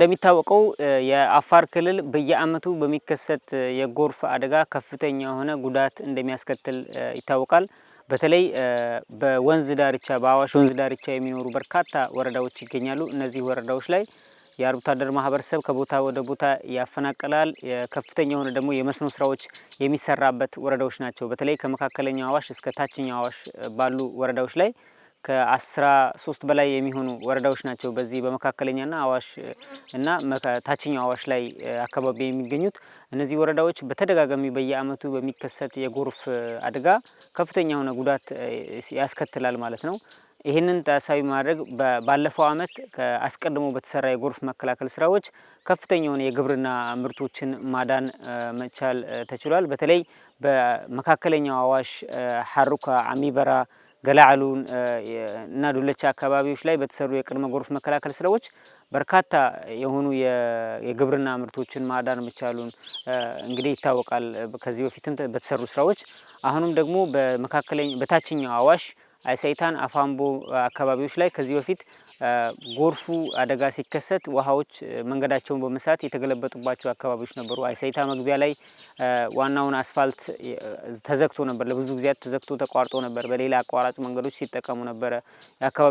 እንደሚታወቀው የአፋር ክልል በየአመቱ በሚከሰት የጎርፍ አደጋ ከፍተኛ የሆነ ጉዳት እንደሚያስከትል ይታወቃል። በተለይ በወንዝ ዳርቻ በአዋሽ ወንዝ ዳርቻ የሚኖሩ በርካታ ወረዳዎች ይገኛሉ። እነዚህ ወረዳዎች ላይ የአርብቶ አደር ማህበረሰብ ከቦታ ወደ ቦታ ያፈናቅላል። ከፍተኛ የሆነ ደግሞ የመስኖ ስራዎች የሚሰራበት ወረዳዎች ናቸው። በተለይ ከመካከለኛው አዋሽ እስከ ታችኛው አዋሽ ባሉ ወረዳዎች ላይ ከአስራ ሶስት በላይ የሚሆኑ ወረዳዎች ናቸው በዚህ በመካከለኛና አዋሽ እና ታችኛው አዋሽ ላይ አካባቢ የሚገኙት። እነዚህ ወረዳዎች በተደጋጋሚ በየአመቱ በሚከሰት የጎርፍ አደጋ ከፍተኛ የሆነ ጉዳት ያስከትላል ማለት ነው። ይህንን ታሳቢ ማድረግ ባለፈው አመት አስቀድሞ በተሰራ የጎርፍ መከላከል ስራዎች ከፍተኛ የሆነ የግብርና ምርቶችን ማዳን መቻል ተችሏል። በተለይ በመካከለኛው አዋሽ ሀሩካ አሚበራ ገላዕሉን እና ዶለቻ አካባቢዎች ላይ በተሰሩ የቅድመ ጎርፍ መከላከል ስራዎች በርካታ የሆኑ የግብርና ምርቶችን ማዳን መቻሉን እንግዲህ ይታወቃል። ከዚህ በፊትም በተሰሩ ስራዎች አሁንም ደግሞ በመካከለኛ በታችኛው አዋሽ አይሰይታን አፋምቦ አካባቢዎች ላይ ከዚህ በፊት ጎርፉ አደጋ ሲከሰት ውሃዎች መንገዳቸውን በመሳት የተገለበጡባቸው አካባቢዎች ነበሩ። አይሰይታ መግቢያ ላይ ዋናውን አስፋልት ተዘግቶ ነበር፣ ለብዙ ጊዜያት ተዘግቶ ተቋርጦ ነበር። በሌላ አቋራጭ መንገዶች ሲጠቀሙ ነበረ።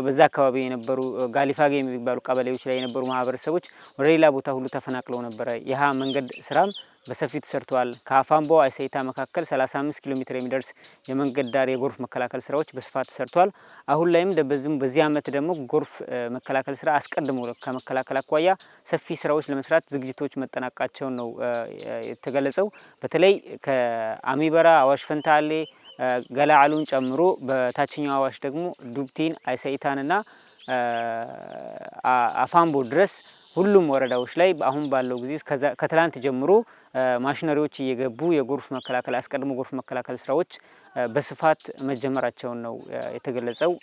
በዛ አካባቢ የነበሩ ጋሊፋጌ የሚባሉ ቀበሌዎች ላይ የነበሩ ማህበረሰቦች ወደ ሌላ ቦታ ሁሉ ተፈናቅለው ነበረ። ይህ መንገድ ስራም በሰፊው ተሰርተዋል። ከአፋምቦ አይሰይታ መካከል 35 ኪሎ ሜትር የሚደርስ የመንገድ ዳር የጎርፍ መከላከል ስራዎች በስፋት ተሰርተዋል። አሁን ላይም በዚህም በዚህ አመት ደግሞ ጎርፍ መከላከል ስራ አስቀድሞ ከመከላከል አኳያ ሰፊ ስራዎች ለመስራት ዝግጅቶች መጠናቃቸውን ነው የተገለጸው። በተለይ ከአሚበራ አዋሽ ፈንታሌ ገላዓሉን ጨምሮ በታችኛው አዋሽ ደግሞ ዱብቲን አይሰይታንና አፋምቦ ድረስ ሁሉም ወረዳዎች ላይ አሁን ባለው ጊዜ ከትላንት ጀምሮ ማሽነሪዎች እየገቡ የጎርፍ መከላከል አስቀድሞ ጎርፍ መከላከል ስራዎች በስፋት መጀመራቸውን ነው የተገለጸው።